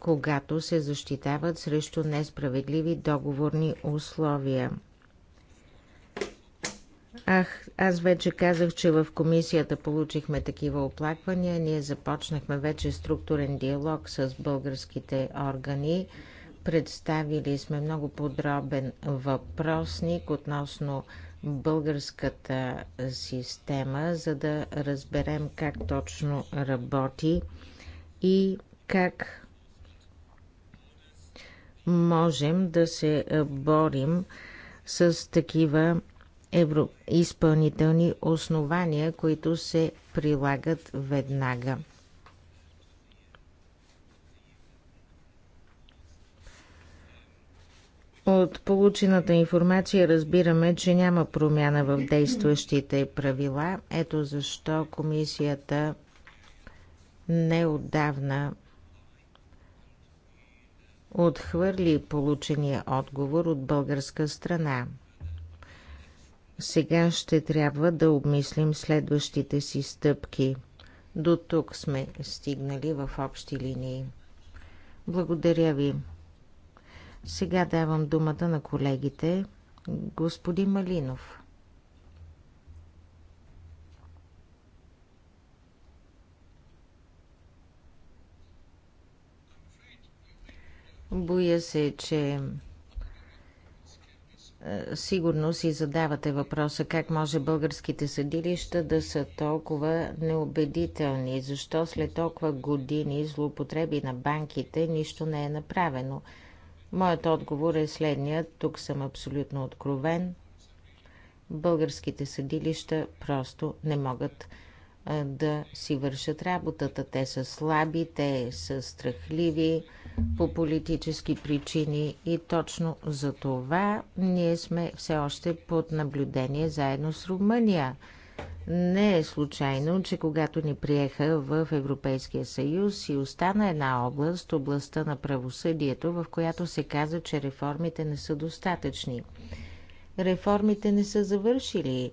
когато се защитават срещу несправедливи договорни условия. Ах, аз вече казах, че в комисията получихме такива оплаквания. Ние започнахме вече структурен диалог с българските органи. Представили сме много подробен въпросник относно българската система, за да разберем как точно работи и как можем да се борим с такива евро... изпълнителни основания, които се прилагат веднага. От получената информация разбираме, че няма промяна в действащите правила. Ето защо комисията неодавна отхвърли получения отговор от българска страна. Сега ще трябва да обмислим следващите си стъпки. До тук сме стигнали в общи линии. Благодаря ви. Сега давам думата на колегите. Господин Малинов. Боя се, че е, сигурно си задавате въпроса как може българските съдилища да са толкова неубедителни, защо след толкова години злоупотреби на банките нищо не е направено. Моят отговор е следният. Тук съм абсолютно откровен. Българските съдилища просто не могат да си вършат работата. Те са слаби, те са страхливи по политически причини и точно за това ние сме все още под наблюдение заедно с Румъния. Не е случайно, че когато ни приеха в Европейския съюз и остана една област, областта на правосъдието, в която се каза, че реформите не са достатъчни. Реформите не са завършили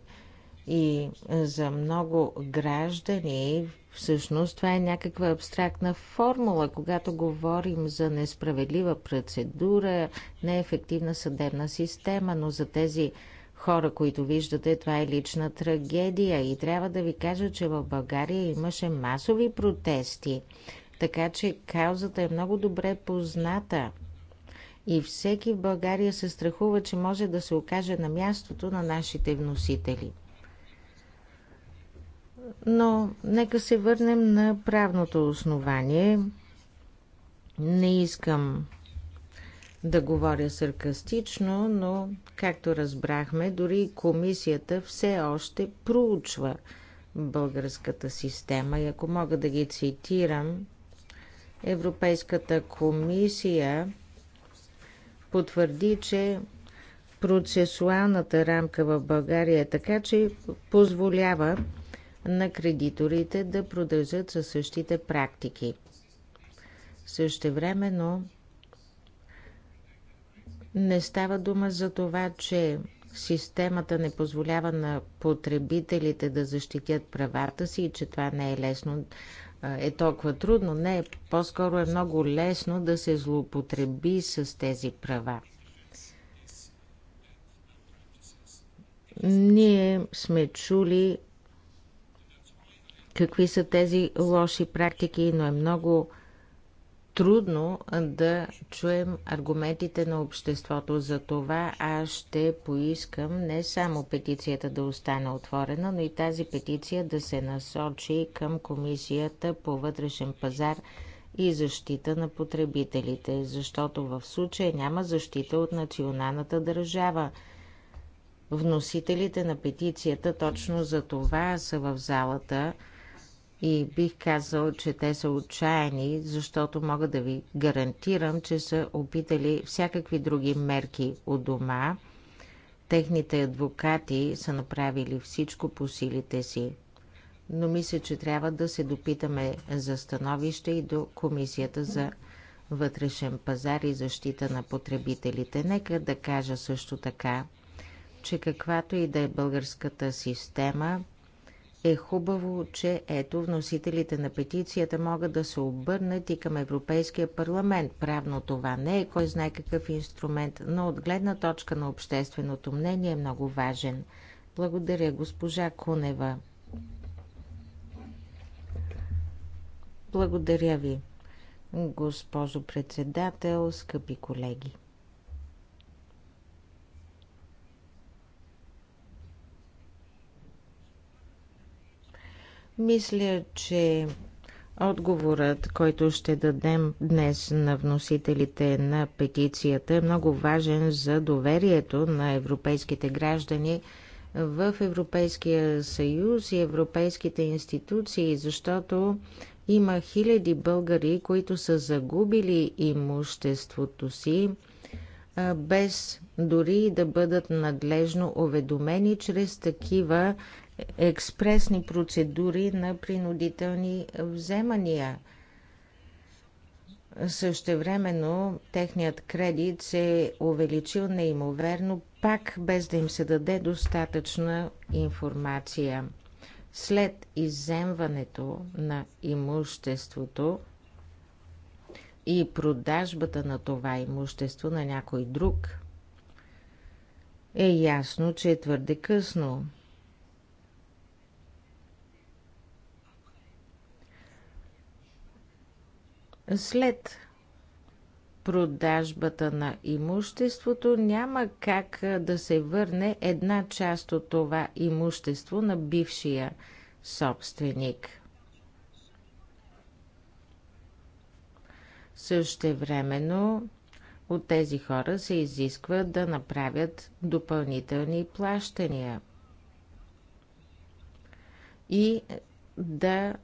и за много граждани всъщност това е някаква абстрактна формула, когато говорим за несправедлива процедура, неефективна съдебна система, но за тези хора, които виждате, това е лична трагедия и трябва да ви кажа, че в България имаше масови протести, така че каузата е много добре позната. И всеки в България се страхува, че може да се окаже на мястото на нашите вносители. Но нека се върнем на правното основание. Не искам да говоря саркастично, но, както разбрахме, дори комисията все още проучва българската система. И ако мога да ги цитирам, Европейската комисия потвърди, че процесуалната рамка в България е така, че позволява на кредиторите да продължат със същите практики. но не става дума за това, че системата не позволява на потребителите да защитят правата си и че това не е лесно, е толкова трудно. Не, по-скоро е много лесно да се злоупотреби с тези права. Ние сме чули какви са тези лоши практики, но е много трудно да чуем аргументите на обществото. За това аз ще поискам не само петицията да остане отворена, но и тази петиция да се насочи към Комисията по вътрешен пазар и защита на потребителите, защото в случая няма защита от националната държава. Вносителите на петицията точно за това са в залата – и бих казал, че те са отчаяни, защото мога да ви гарантирам, че са опитали всякакви други мерки от дома. Техните адвокати са направили всичко по силите си. Но мисля, че трябва да се допитаме за становище и до Комисията за вътрешен пазар и защита на потребителите. Нека да кажа също така, че каквато и да е българската система – е хубаво, че ето вносителите на петицията могат да се обърнат и към Европейския парламент. Правно това не е кой знае какъв инструмент, но от гледна точка на общественото мнение е много важен. Благодаря, госпожа Кунева. Благодаря ви, госпожо председател, скъпи колеги. Мисля, че отговорът, който ще дадем днес на вносителите на петицията е много важен за доверието на европейските граждани в Европейския съюз и европейските институции, защото има хиляди българи, които са загубили имуществото си, без дори да бъдат надлежно уведомени чрез такива експресни процедури на принудителни вземания. Същевременно техният кредит се е увеличил неимоверно, пак без да им се даде достатъчна информация. След иземването на имуществото и продажбата на това имущество на някой друг, е ясно, че е твърде късно – След продажбата на имуществото няма как да се върне една част от това имущество на бившия собственик. Същевременно от тези хора се изисква да направят допълнителни плащания и да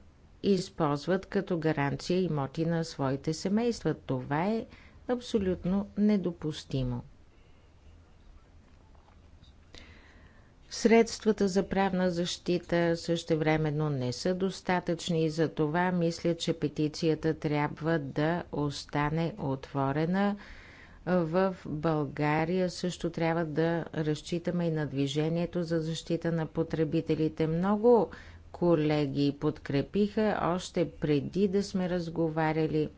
използват като гаранция имоти на своите семейства. Това е абсолютно недопустимо. Средствата за правна защита същевременно не са достатъчни и за това мисля, че петицията трябва да остане отворена. В България също трябва да разчитаме и на движението за защита на потребителите. Много колеги подкрепиха още преди да сме разговаряли.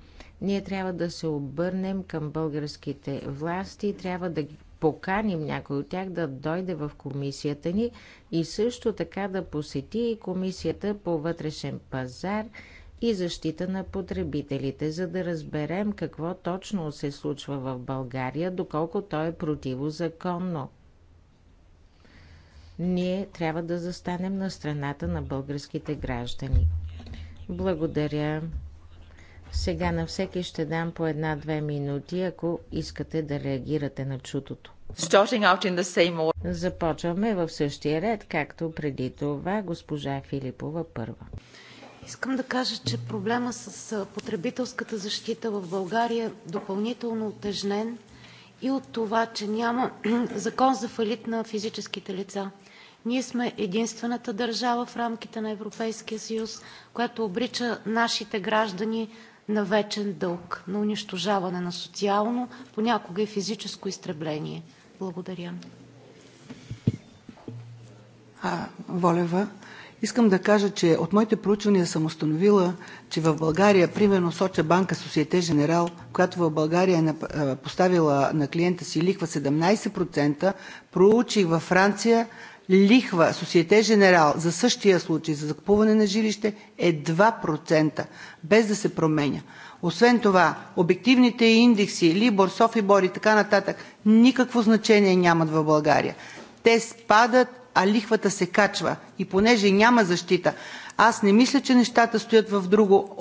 Ние трябва да се обърнем към българските власти, трябва да поканим някой от тях да дойде в комисията ни и също така да посети и комисията по вътрешен пазар и защита на потребителите, за да разберем какво точно се случва в България, доколко то е противозаконно. Ние трябва да застанем на страната на българските граждани. Благодаря. Сега на всеки ще дам по една-две минути, ако искате да реагирате на чутото. Започваме в същия ред, както преди това госпожа Филипова първа. Искам да кажа, че проблема с потребителската защита в България е допълнително отежнен и от това, че няма закон за фалит на физическите лица. Ние сме единствената държава в рамките на Европейския съюз, която обрича нашите граждани на вечен дълг, на унищожаване, на социално, понякога и физическо изтребление. Благодаря. А, Волева, искам да кажа, че от моите проучвания съм установила, че в България, примерно Соча банка Societe Женерал, която в България е поставила на клиента си лихва 17%, проучих във Франция лихва Societe Generale за същия случай за закупуване на жилище е 2%, без да се променя. Освен това, обективните индекси Либор, Софибор и така нататък никакво значение нямат в България. Те спадат, а лихвата се качва. И понеже няма защита, аз не мисля, че нещата стоят в друго,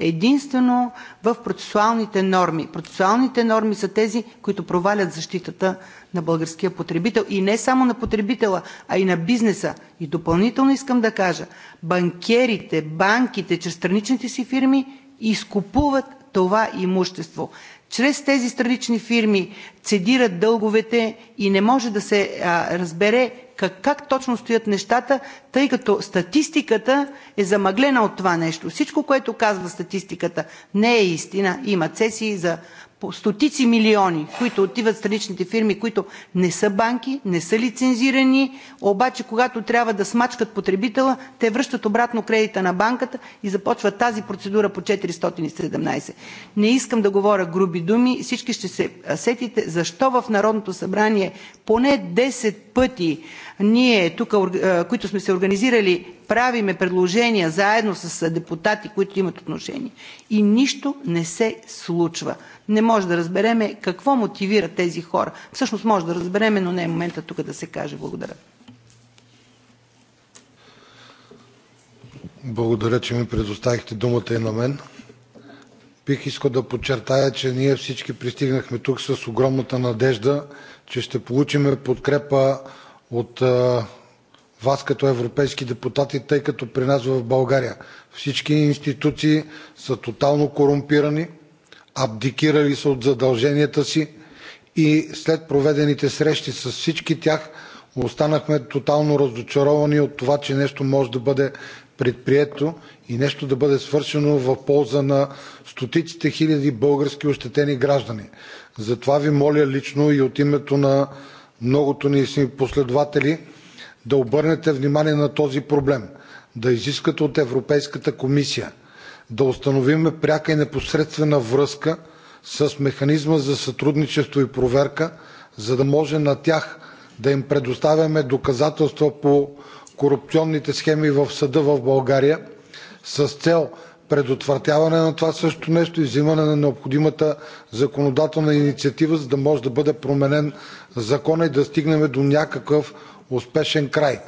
единствено в процесуалните норми. Процесуалните норми са тези, които провалят защитата на българския потребител и не само на потребителя, а и на бизнеса. И допълнително искам да кажа, банкерите, банките чрез страничните си фирми изкупуват това имущество чрез тези странични фирми цедират дълговете и не може да се а, разбере как, как точно стоят нещата, тъй като статистиката е замъглена от това нещо. Всичко, което казва статистиката, не е истина. Има цесии за по стотици милиони, които отиват в страничните фирми, които не са банки, не са лицензирани, обаче когато трябва да смачкат потребителя, те връщат обратно кредита на банката и започва тази процедура по чл. 417. Не искам да говоря груби думи. Всички ще се сетите защо в Народното събрание поне 10 пъти ние тук, които сме се организирали правиме предложения заедно с депутати, които имат отношение и нищо не се случва. Не може да разбереме какво мотивира тези хора. Всъщност може да разбереме, но не е момента тук да се каже. Благодаря. Благодаря, че ми предоставихте думата и на мен. Бих искал да подчертая, че ние всички пристигнахме тук с огромната надежда, че ще получим подкрепа от вас като европейски депутати, тъй като при нас в България всички институции са тотално корумпирани, абдикирали са от задълженията си и след проведените срещи с всички тях останахме тотално разочаровани от това, че нещо може да бъде предприето и нещо да бъде свършено в полза на стотиците хиляди български ощетени граждани. Затова ви моля лично и от името на многото ни си последователи да обърнете внимание на този проблем, да изискате от Европейската комисия да установим пряка и непосредствена връзка с механизма за сътрудничество и проверка, за да може на тях да им предоставяме доказателства по корупционните схеми в съда в България с цел предотвратяване на това също нещо и взимане на необходимата законодателна инициатива, за да може да бъде променен законът и да стигнем до някакъв успешен край.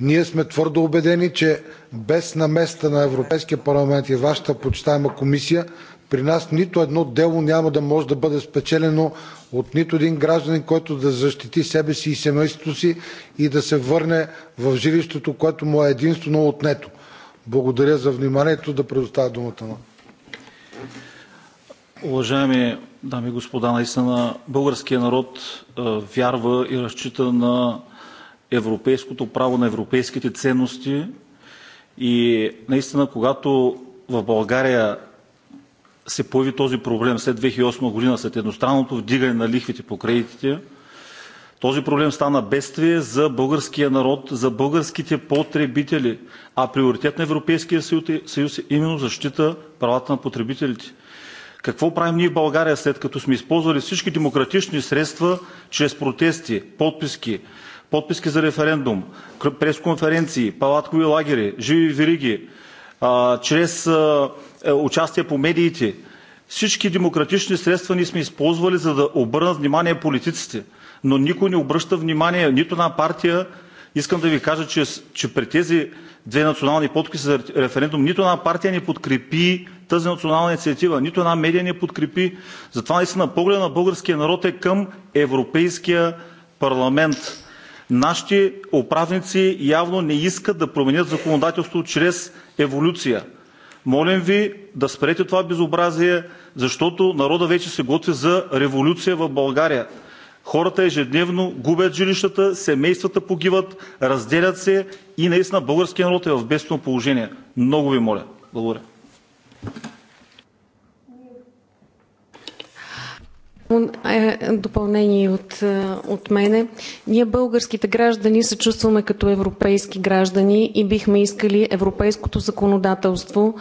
Ние сме твърдо убедени, че без намесата на Европейския парламент и вашата почитаема комисия при нас нито едно дело няма да може да бъде спечелено от нито един гражданин, който да защити себе си и семейството си и да се върне в жилището, което му е единствено отнето. Благодаря за вниманието. Да предоставя думата на. Уважаеми дами и господа, наистина българският народ вярва и разчита на европейското право, на европейските ценности. И наистина, когато в България се появи този проблем след 2008 година, след едностранното вдигане на лихвите по кредитите, този проблем стана бедствие за българския народ, за българските потребители. А приоритет на Европейския съюз е, е именно защита правата на потребителите. Какво правим ние в България, след като сме използвали всички демократични средства чрез протести, подписки, подписки за референдум, пресконференции, палаткови лагери, живи вериги, чрез е, участие по медиите. Всички демократични средства ние сме използвали, за да обърнат внимание политиците. Но никой не обръща внимание нито на партия. Искам да ви кажа, че, че при тези две национални подписи за референдум нито една партия не подкрепи тази национална инициатива, нито една медия не подкрепи. Затова наистина погледа на българския народ е към Европейския парламент Нашите управници явно не искат да променят законодателството чрез еволюция. Молим ви да спрете това безобразие, защото народът вече се готви за революция в България. Хората ежедневно губят жилищата, семействата погиват, разделят се и наистина българският народ е в бедствено положение. Много ви моля! Благодаря. Е, допълнение от, е, от мене. Ние българските граждани се чувстваме като европейски граждани и бихме искали европейското законодателство,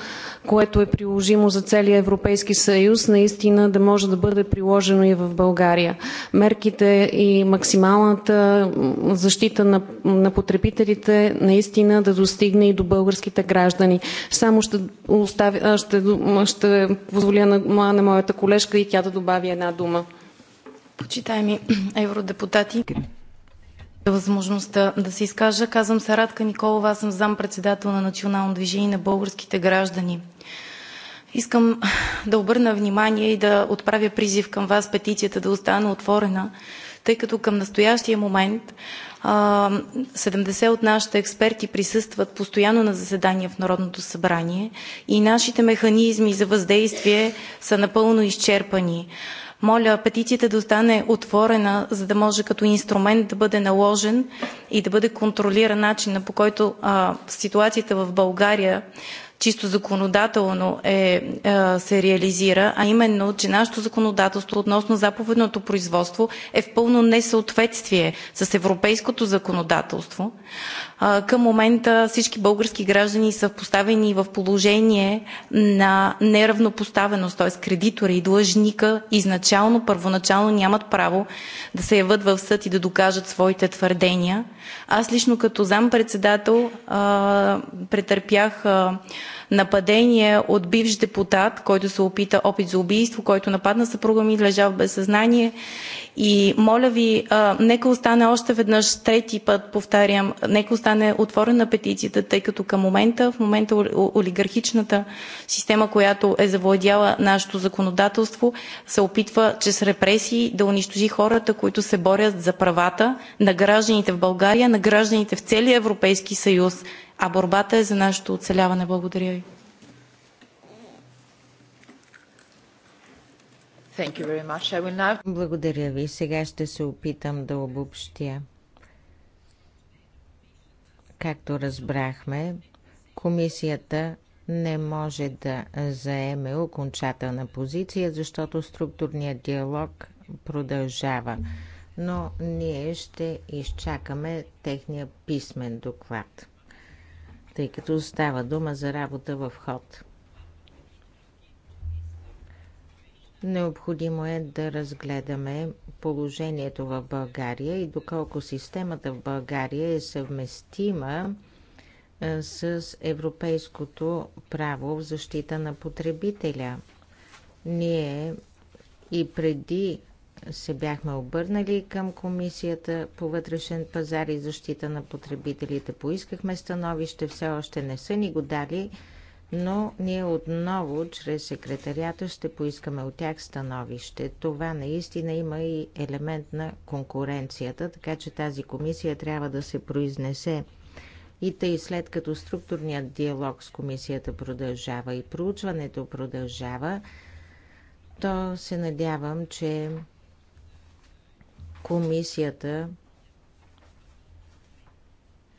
което е приложимо за целия Европейски съюз, наистина да може да бъде приложено и в България. Мерките и максималната защита на, на потребителите наистина да достигне и до българските граждани. Само ще, оставя, ще, ще позволя на, на моята колежка и тя да добави една дума. Почитаеми евродепутати, за възможността да се изкажа. Казвам се Радка Николова, аз съм зам председател на Национално движение на българските граждани. Искам да обърна внимание и да отправя призив към вас петицията да остане отворена, тъй като към настоящия момент 70 от нашите експерти присъстват постоянно на заседания в Народното събрание и нашите механизми за въздействие са напълно изчерпани. Моля петицията да остане отворена, за да може като инструмент да бъде наложен и да бъде контролиран начинът, по който ситуацията в България чисто законодателно е, е, се реализира, а именно, че нашето законодателство относно заповедното производство е в пълно несъответствие с европейското законодателство. Към момента всички български граждани са поставени в положение на неравнопоставеност, тоест кредиторът и длъжникът изначално, първоначално нямат право да се явят в съд и да докажат своите твърдения. Аз лично като заместник-председател претърпях нападение от бивш депутат, който се опита опит за убийство, който нападна съпруга ми, лежа в безсъзнание и моля ви, а, нека остане още веднъж, трети път, повтарям, нека остане отворена петицията, тъй като към момента, в момента олигархичната система, която е завладяла нашето законодателство, се опитва чрез репресии да унищожи хората, които се борят за правата на гражданите в България, на гражданите в целия Европейски съюз. А борбата е за нашето оцеляване. Благодаря ви. Благодаря ви. Сега ще се опитам да обобщя. Както разбрахме, комисията не може да заеме окончателна позиция, защото структурният диалог продължава. Но ние ще изчакаме техния писмен доклад, тъй като става дума за работа в ход. Необходимо е да разгледаме положението в България и доколко системата в България е съвместима с европейското право в защита на потребителя. Ние и преди се бяхме обърнали към Комисията по вътрешен пазар и защита на потребителите. Поискахме становище, все още не са ни го дали но ние отново чрез секретарията ще поискаме от тях становище. Това наистина има и елемент на конкуренцията, така че тази комисия трябва да се произнесе. И тъй след като структурният диалог с комисията продължава и проучването продължава, то се надявам, че комисията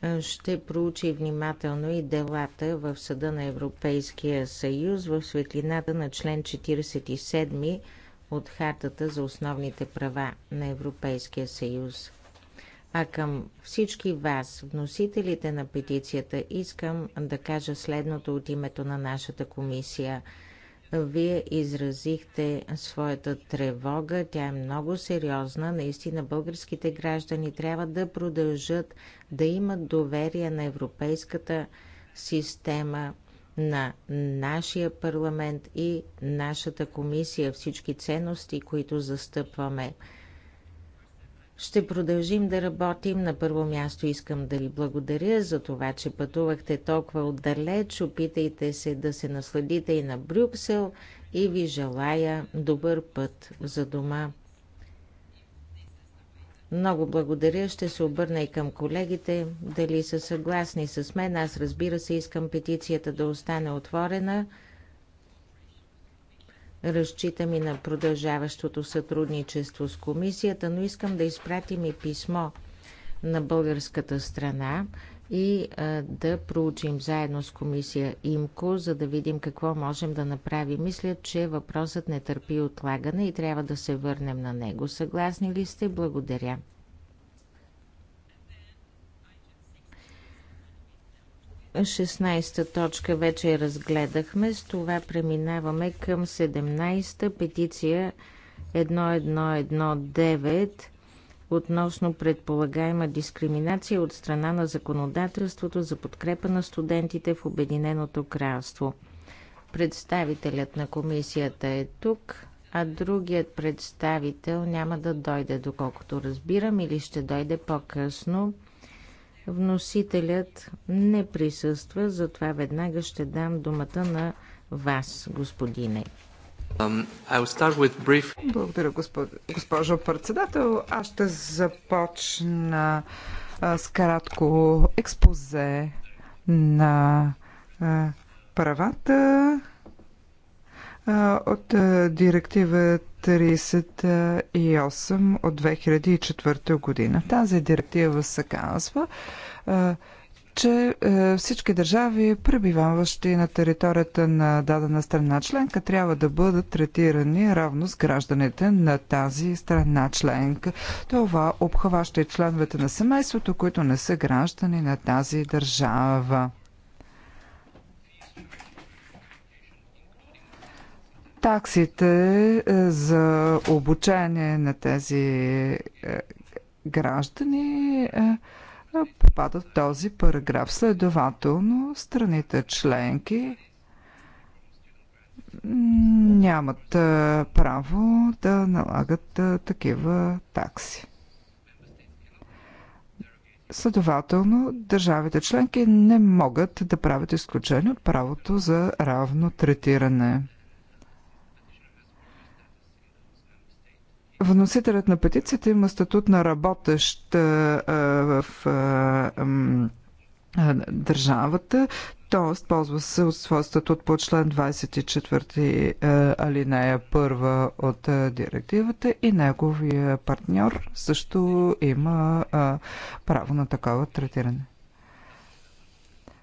е, ще проучи внимателно и делата в Съда на Европейския съюз в светлината на член 47 от Хартата за основните права на Европейския съюз. А към всички вас, вносителите на петицията, искам да кажа следното от името на нашата комисия – вие изразихте своята тревога. Тя е много сериозна. Наистина българските граждани трябва да продължат да имат доверие на европейската система, на нашия парламент и нашата комисия, всички ценности, които застъпваме. Ще продължим да работим. На първо място искам да ви благодаря за това, че пътувахте толкова отдалеч. Опитайте се да се насладите и на Брюксел и ви желая добър път за дома. Много благодаря. Ще се обърна и към колегите. Дали са съгласни с мен? Аз разбира се искам петицията да остане отворена. Разчитам и на продължаващото сътрудничество с комисията, но искам да изпратим и писмо на българската страна и а, да проучим заедно с комисия ИМКО, за да видим какво можем да направим. Мисля, че въпросът не търпи отлагане и трябва да се върнем на него. Съгласни ли сте? Благодаря. 16-та точка вече я разгледахме, с това преминаваме към 17-та петиция 1119 относно предполагаема дискриминация от страна на законодателството за подкрепа на студентите в Обединеното кралство. Представителят на комисията е тук, а другият представител няма да дойде, доколкото разбирам, или ще дойде по-късно. Вносителят не присъства, затова веднага ще дам думата на вас, господине. Um, Благодаря, госпожо, председател. Аз ще започна с кратко експозе на правата от директива 38 от 2004 година. Тази директива се казва, че всички държави, пребиваващи на територията на дадена страна членка, трябва да бъдат третирани равно с гражданите на тази страна членка. Това обхваща и членовете на семейството, които не са граждани на тази държава. таксите е, за обучение на тези е, граждани е, попадат в този параграф. Следователно, страните членки нямат право да налагат такива такси. Следователно, държавите членки не могат да правят изключение от правото за равно третиране. Вносителят на петицията има статут на работещ в държавата, т.е. ползва се от своя статут по член 24 алинея 1 от директивата и неговия партньор също има право на такова третиране.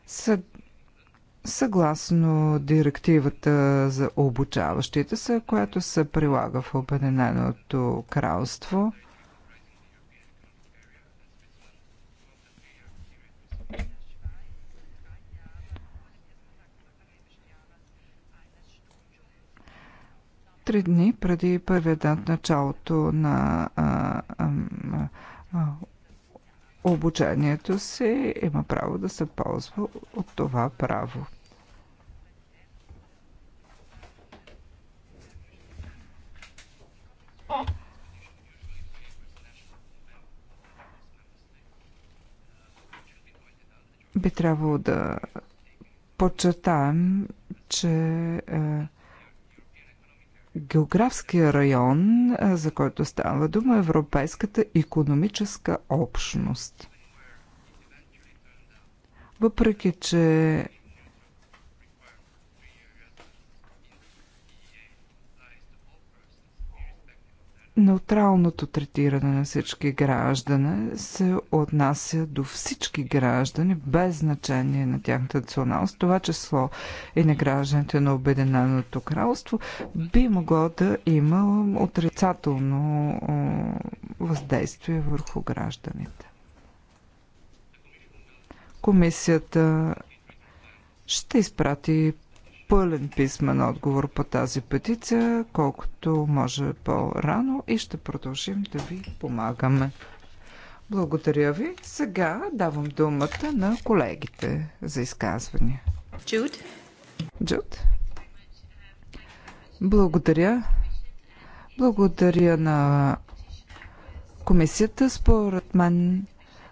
Съд съгласно директивата за обучаващите се, която се прилага в Обединеното кралство. Три дни преди първият дат началото на а, а, а, обучението си, има право да се ползва от това право. Би трябвало да подчертаем, че е, Географския район, за който става дума, Европейската економическа общност. Въпреки, че Неутралното третиране на всички граждани се отнася до всички граждани, без значение на тяхната националност, това число и на гражданите на Обединеното кралство, би могло да има отрицателно въздействие върху гражданите. Комисията ще изпрати пълен писмен отговор по тази петиция, колкото може по-рано и ще продължим да ви помагаме. Благодаря ви. Сега давам думата на колегите за изказвания. Джуд. Джуд. Благодаря. Благодаря на комисията. Според мен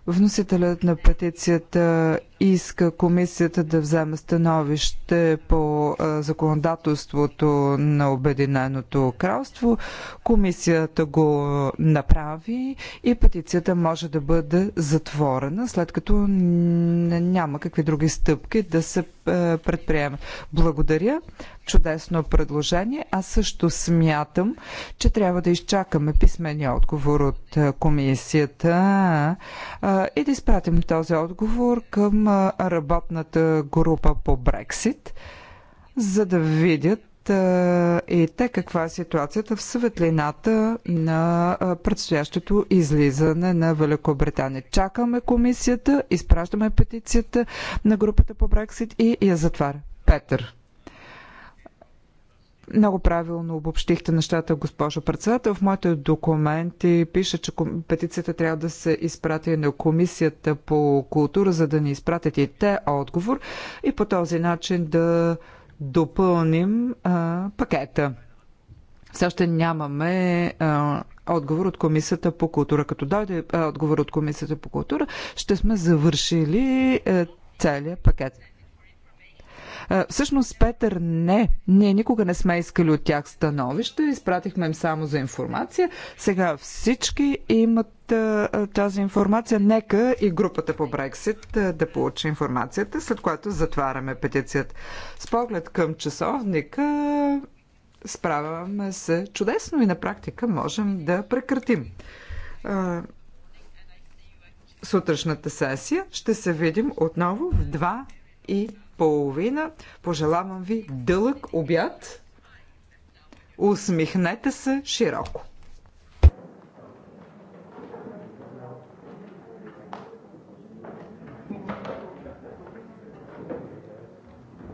вносителят на петицията иска комисията да вземе становище по законодателството на Обединеното кралство. Комисията го направи и петицията може да бъде затворена, след като няма какви други стъпки да се предприемат. Благодаря. Чудесно предложение. Аз също смятам, че трябва да изчакаме писмения отговор от комисията и да изпратим този отговор към работната група по Брексит за да видят и те каква е ситуацията в светлината на предстоящото излизане на Великобритания. Чакаме комисията, изпращаме петицията на групата по Брексит и я затваря. Петър. Много правилно обобщихте нещата, госпожо председател. В моите документи пише, че петицията трябва да се изпрати на Комисията по култура, за да ни изпратят и те отговор и по този начин да допълним а, пакета. Все още нямаме а, отговор от Комисията по култура. Като дойде а, отговор от Комисията по култура, ще сме завършили а, е, целият пакет. Всъщност, Петър, не. Ние никога не сме искали от тях становище. Изпратихме им само за информация. Сега всички имат тази информация. Нека и групата по Брексит да получи информацията, след което затваряме петицията. С поглед към часовника справяме се чудесно и на практика можем да прекратим сутрешната сесия. Ще се видим отново в 2 и половина. Пожелавам ви дълъг обяд. Усмихнете се широко.